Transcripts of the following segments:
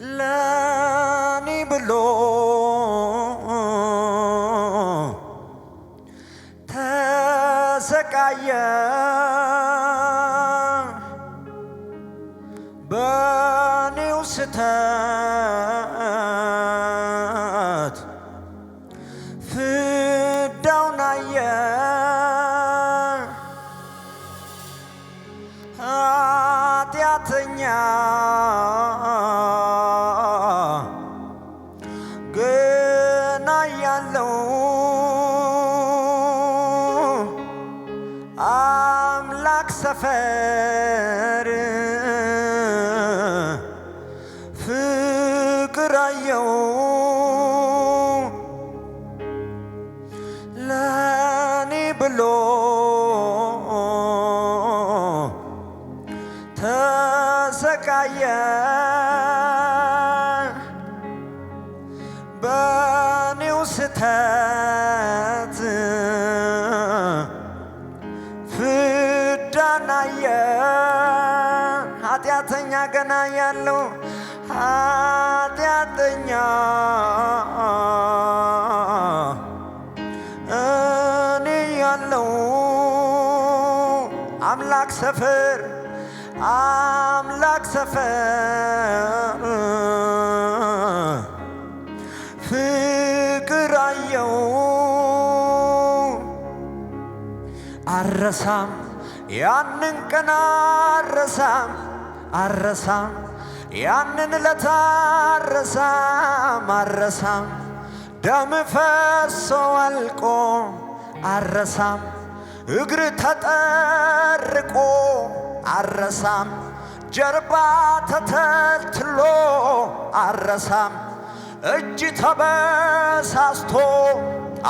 love. Am like እኔ ያለው አምላክ ሰፈር አምላክ ሰፈር ፍቅር አየው አረሳም ያንን ቀን አረሳም አረሳም ያንን ለታረሳ ማረሳም ደም ፈሶ አልቆ አረሳም እግር ተጠርቆ አረሳም ጀርባ ተተልትሎ አረሳም እጅ ተበሳስቶ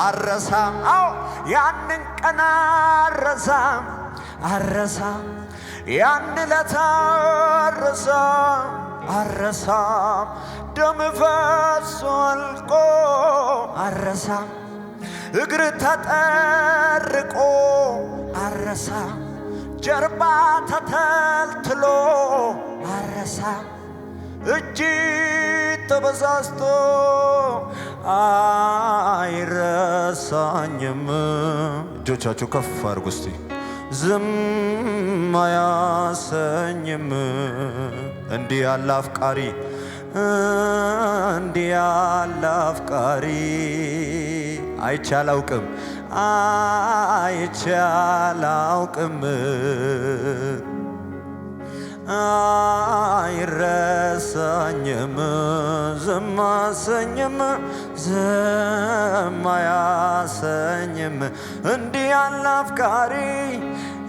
አረሳም አው ያንን ቀን አረሳም አረሳም ያን ለታረሳም አረሳም ደም ፈሶ አልቆ አረሳም እግር ተጠርቆ አረሳም ጀርባ ተተልትሎ አረሳም እጅ ተበዛዝቶ አይረሳኝም። እጆቻችሁ ከፍ አድርጉ እስቲ ዝም አያሰኝም። እንዲህ ያለ አፍቃሪ እንዲህ ያለ አፍቃሪ አይቼ አላውቅም አይቼ አላውቅም። አይረሳኝም ዝም አሰኝም ዝም አያሰኝም እንዲህ ያለ አፍቃሪ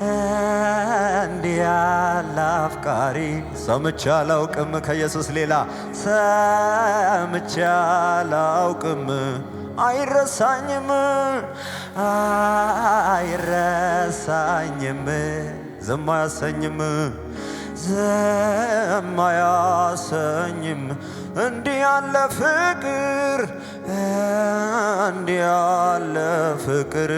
እንዲህ ያለ አፍቃሪ ሰምቼ አላውቅም፣ ከኢየሱስ ሌላ ሰምቼ አላውቅም። አይረሳኝም፣ አይረሳኝም፣ ዝም አያሰኝም፣ ዝም አያሰኝም እንዲህ ያለ ፍቅር እንዲህ ያለ ፍቅር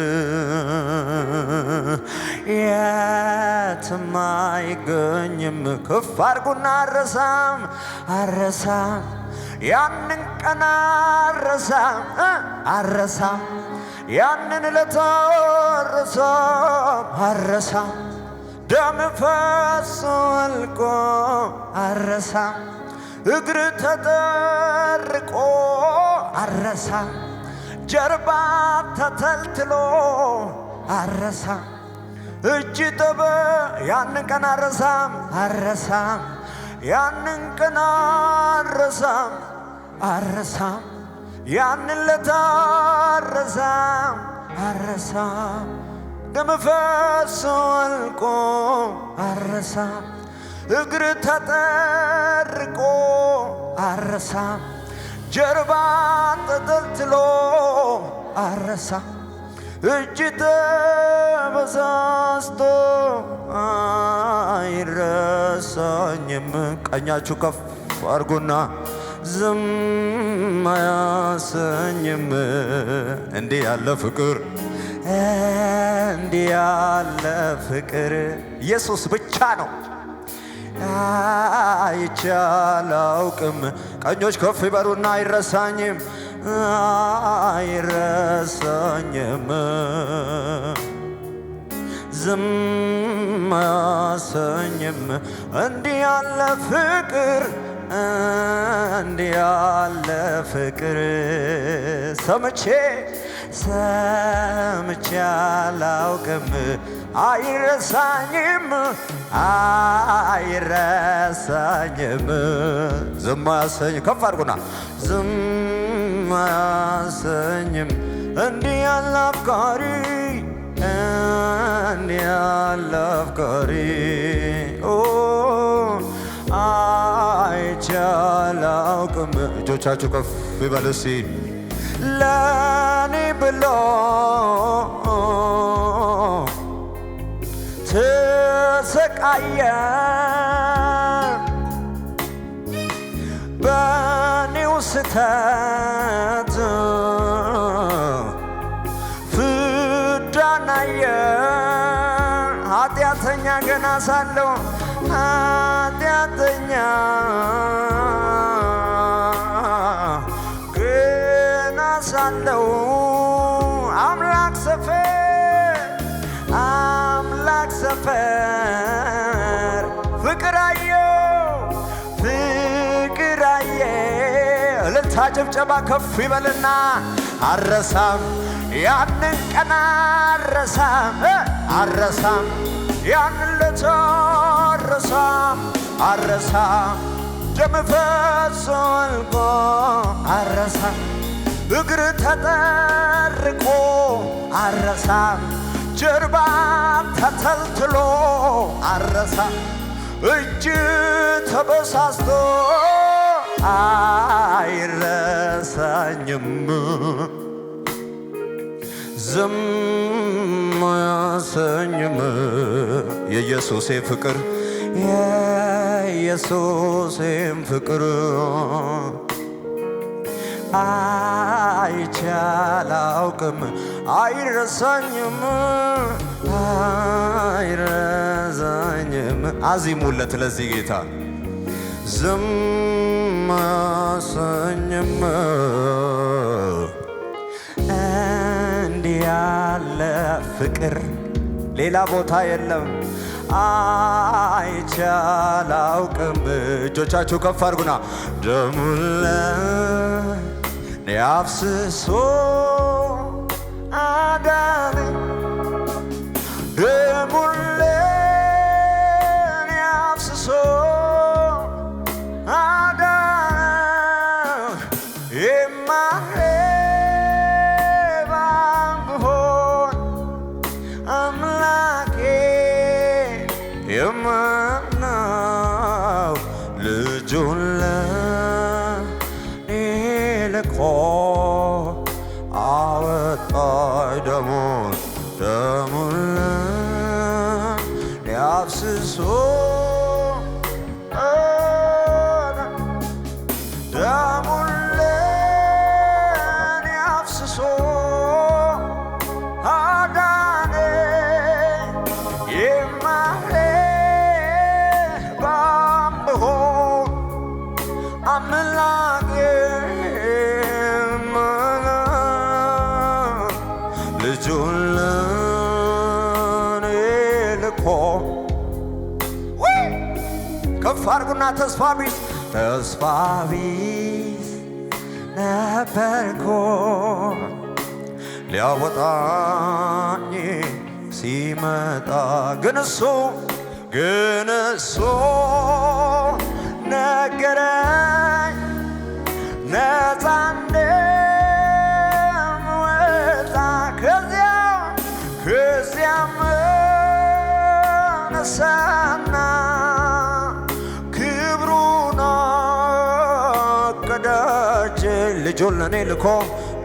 የትም አይገኝም። ክፍ አድርጉና አረሳም አረሳም ያንን ቀን አረሳም አረሳም ያንን ዕለት አረሳም አረሳም ደም ፈሶ አልቆ አረሳም እግር ተጠርቆ አረሳ ጀርባ ተተልትሎ አረሳ እጅ ጥብ ያንን ቀን አረሳም አረሳም ያንን ቀን አረሳም አረሳም ያንን ለታረሳም አረሳም ደምፈሶ አልቆ አረሳም እግር ተጠርቆ አረሳ ጀርባ ተጠልጥሎ አረሳ እጅ ተበሳስቶ አይረሳኝም። ቀኛችሁ ከፍ አርጉና ዝም አያሰኝም። እንዲህ ያለ ፍቅር እንዲህ ያለ ፍቅር ኢየሱስ ብቻ ነው። አይቼ አላውቅም። ቀኞች ከፍ ይበሩና አይረሳኝም፣ አይረሳኝም። ዝም አሰኝም። እንዲህ ያለ ፍቅር እንዲህ ያለ ፍቅር ሰምቼ ሰምቼ አላውቅም፣ አይረሳኝም አይረሳኝም። ዝም አሰኝ ከፍ አድርጉና ዝም አሰኝም። እንዲህ ያለ አፍቃሪ እንዲህ ያለ አፍቃሪ አይቼ አላውቅም። እጆቻችሁ ከፍ ይበል ብሎ ተሰቃየን በኔው ስተት ፍዳናየን ኃጢአተኛ ገና ሳለው ኃጢአተኛ ገና ሳለው አምላክ ጭብጨባ ከፍ ይበልና አረሳም ያንን ቀን አረሳም አረሳም ያንን ለቶ አረሳም አረሳም ደምፈሶ አልቆ አረሳም እግር ተጠርቆ አረሳም ጀርባ ተተልትሎ አረሳም እጅ ተበሳስቶ አይረሳኝም ዝም አያሰኝም የኢየሱሴ ፍቅር የኢየሱሴም ፍቅር አይቻላውቅም አይረሳኝም አይረሳኝም አዚሙለት ለዚህ ጌታ ዝም አልማሰኝም እንዲህ ያለ ፍቅር ሌላ ቦታ የለም አይቼ አላውቅም። እጆቻችሁ ከፍ አድርጉና ደሙን ለእኔ አዳነኝ Aydamur Damurlar Ne hafsız olur ቢስ ተስፋ ቢስ ነበርኩ ሊያወጣኝ ሲመጣ ግን እሱ ግን እሱ ነገረኝ ነፃ እንደምወጣ ከዚያ ከዚያም ነሳ ለኔ ልኮ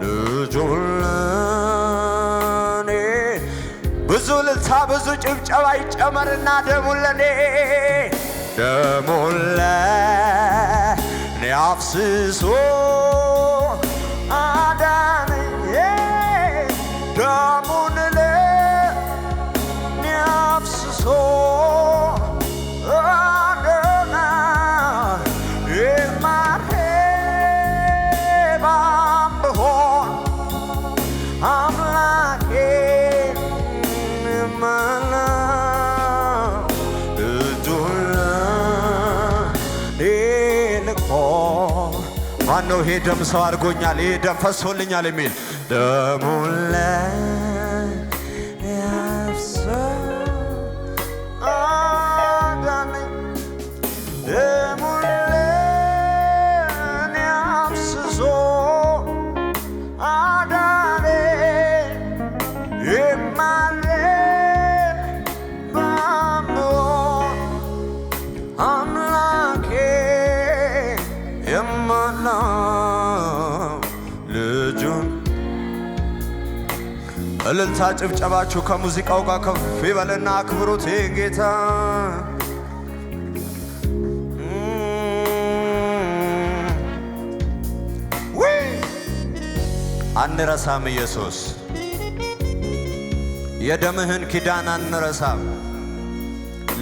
ልጁን ብዙ ልልታ ብዙ ጭብጨባ ይጨመርና ደሙን ለእኔ ደሙን ለእኔ አፍስሶ ነው ይሄ ደም ሰው አድርጎኛል፣ ይሄ ደም ፈሶልኛል የሚል ደሙለ እልልታ ጭብጨባችሁ ከሙዚቃው ጋር ከፍ ይበልና አክብሩት ጌታ። አንረሳም ኢየሱስ፣ የደምህን ኪዳን አንረሳም።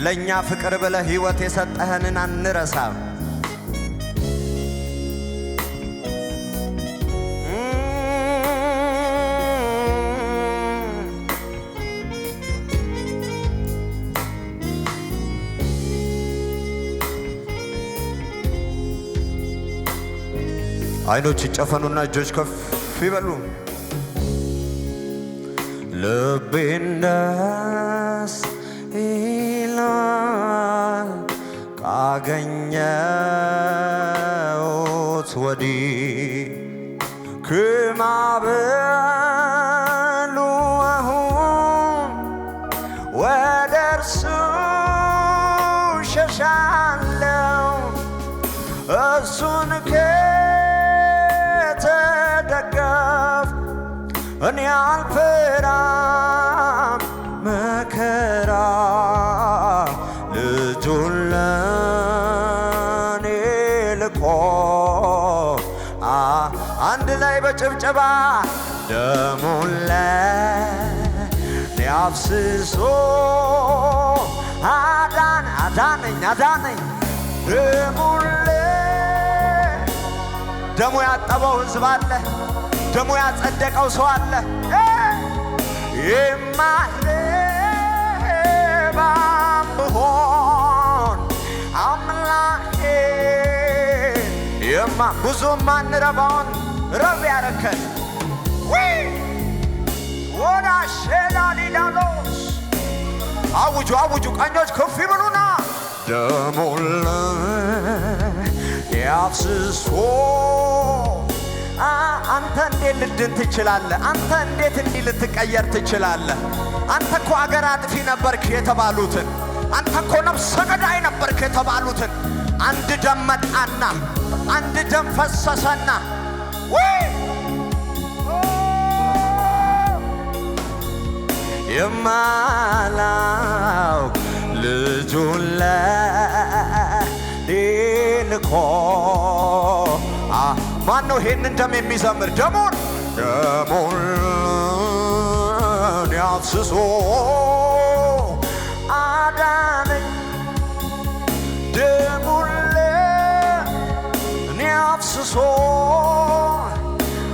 ለእኛ ፍቅር ብለህ ሕይወት የሰጠህንን አንረሳም። አይኖች ይጨፈኑና እጆች ከፍ ይበሉ። ልቤን ደስ ይላል ካገኘሁት ወዲህ ክማብ ጭብጭባ ደሙን ለኔ አፍስሶ አዳን አዳነኝ አዳነኝ ደሙን ደሙ ያጠበው ሕዝብ አለ። ደሙ ያጸደቀው ሰው አለ። የማይረባ ብሆን አምላኬ የማ ብዙ ረብ ያረከን ወይ ወዳ ሼላ ሊላሎስ አውጁ አውጁ ቀኞች ከፍ ይበሉና ደሞለ ያፍስሶ አንተ እንዴት ልድን ትችላለህ? አንተ እንዴት እንዲህ ልትቀየር ትችላለህ? አንተ እኮ አገር አጥፊ ነበርክ የተባሉትን አንተ እኮ ነፍሰ ገዳይ ነበርክ የተባሉትን አንድ ደም መጣና አንድ ደም ፈሰሰና የማላውቅ ልጁን ለሊልኮ ማን ነው ይሄንን ደም የሚዘምር? ደሙን ደሙን ያፍስሶ አዳነኝ ደሙን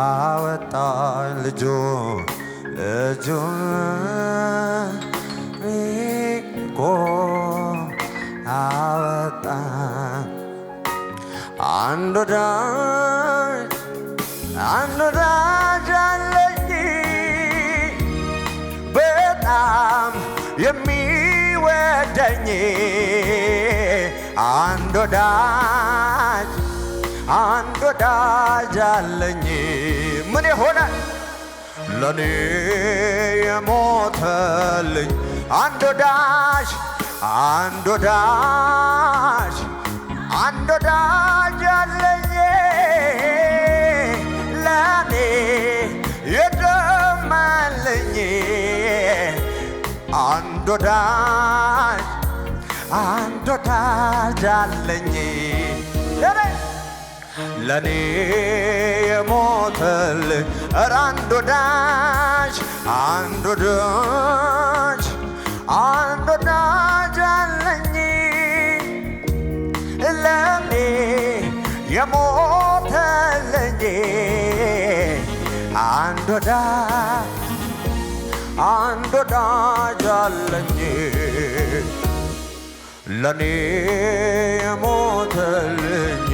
avatar le jo le jo ri ko avatar andra andra jan le ki አንድ ወዳጅ አለኝ ምን የሆነ ለኔ የሞተልኝ አንድ ወዳጅ አንድ ወዳጅ አንድ ወዳጅ አለኝ ለኔ የደመልኝ አንድ ወዳጅ አንድ ወዳጅ አለኝ ለኔ የሞተልኝ እረ አንድ ወዳጅ አንድ ወዳጅ አንድ ወዳጅ አለኝ ለኔ የሞተልኝ አንድ ወዳጅ አንድ ወዳጅ አለኝ ለኔ የሞተልኝ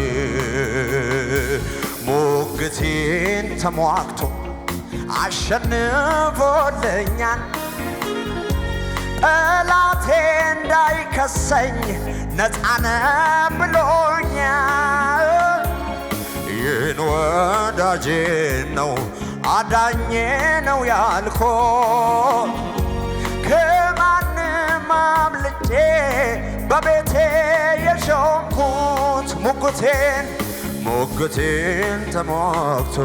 ሙግቴን ተሟግቶ አሸንፎልኛል። ጠላቴ እንዳይከሰኝ ነፃነ ብሎኛል። ይህን ወዳጄ ነው አዳኜ ነው ያልኮ በቤቴ የሾምኩት ሙግቴን ሙግቴን ተሟግቶ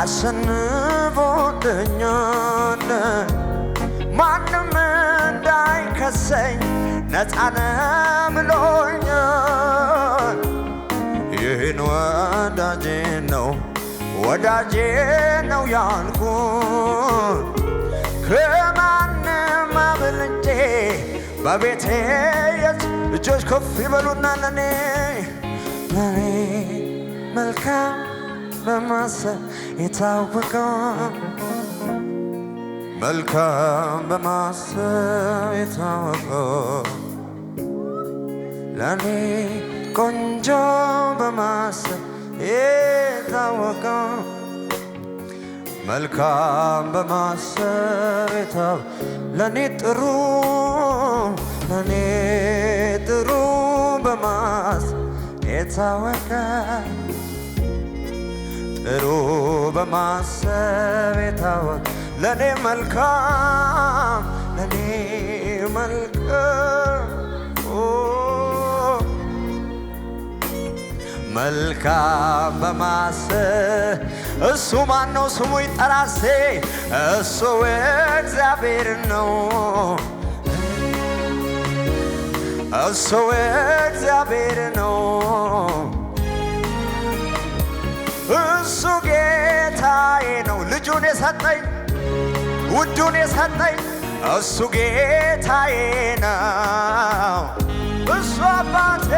አሸንፎልኛል። ማንም እንዳይከሰኝ ነፃነ ብሎኛል። ይህን ወዳጄ ነው ወዳጄ ነው ያልኩ ከማንም አብልጬ በቤቴ የት እጆች ከፍ ይበሉና ለኔ ለኔ መልካም በማሰብ የታወቀው መልካም በማሰብ የታወቀው ለኔ ቆንጆ በማሰብ የታወቀው መልካም በማሰብ የታብ ለእኔ ጥሩ ለእኔ ጥሩ በማስ የታወቀ ጥሩ በማሰብ የታወቀ ለእኔ መልካም ለእኔ መልካም መልካም በማሰ እሱ ማን ነው ስሙ ይጠራሴ እሱ እግዚአብሔር ነው እሱ እግዚአብሔር ነው እሱ ጌታዬ ነው ልጁን የሰጠኝ ውዱን የሰጠኝ እሱ ጌታዬ ነው እሱ አባቴ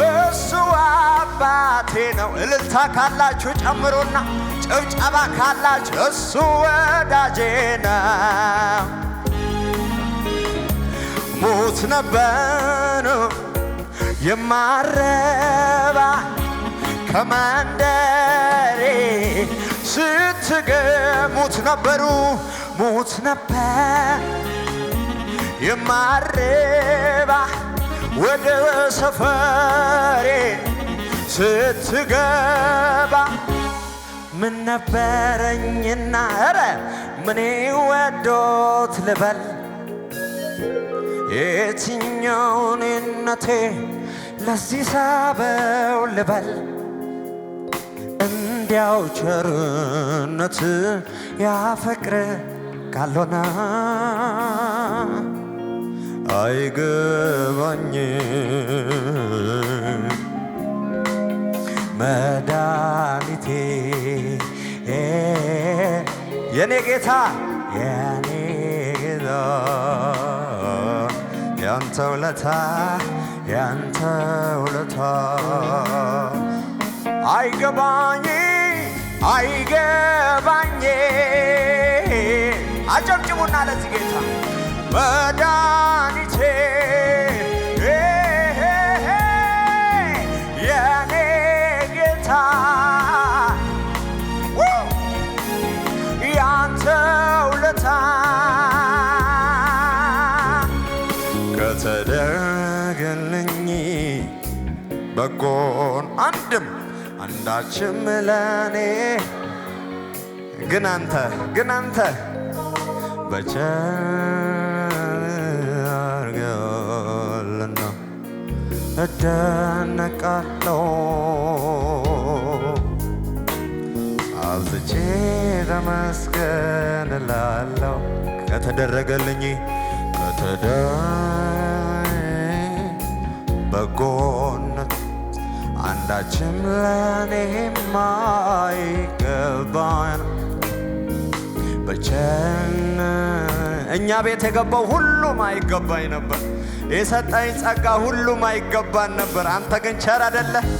እሱ አባቴ ነው። እልልታ ካላችሁ ጨምሩና ጭብጨባ ካላችሁ እሱ ወዳጄ ነው። ሙት ነበር የማረባ ከመንደሬ ስትገ ሙት ነበሩ ሙት ነበር የማረባ ወደ ሰፈሬ ስትገባ ምን ነበረኝና ኧረ ምን ወዶት ልበል የትኛውን ነቴ ለዚህ ሳበው ልበል እንዲያው ቸርነት ያፈቅር አይገባኝም መድኃኒቴ የኔ ጌታ የኔ ጌታ ያንተ ውለታ ያንተ ውለታ አይገባኝ አይገባኝ አጨብጭቡና ለዚህ ጌታ አንዳችም ለኔ ግን አንተ ግን አንተ በቸርነትህና እደነቃለሁ አብዝቼ ተመስገን ከተደረገልኝ ከተደ በጎን አንዳችም ለኔ ማይገባን በቸን እኛ ቤት የገባው ሁሉም አይገባኝ ነበር። የሰጠኝ ጸጋ ሁሉም አይገባን ነበር። አንተ ግን ቸር አደለህ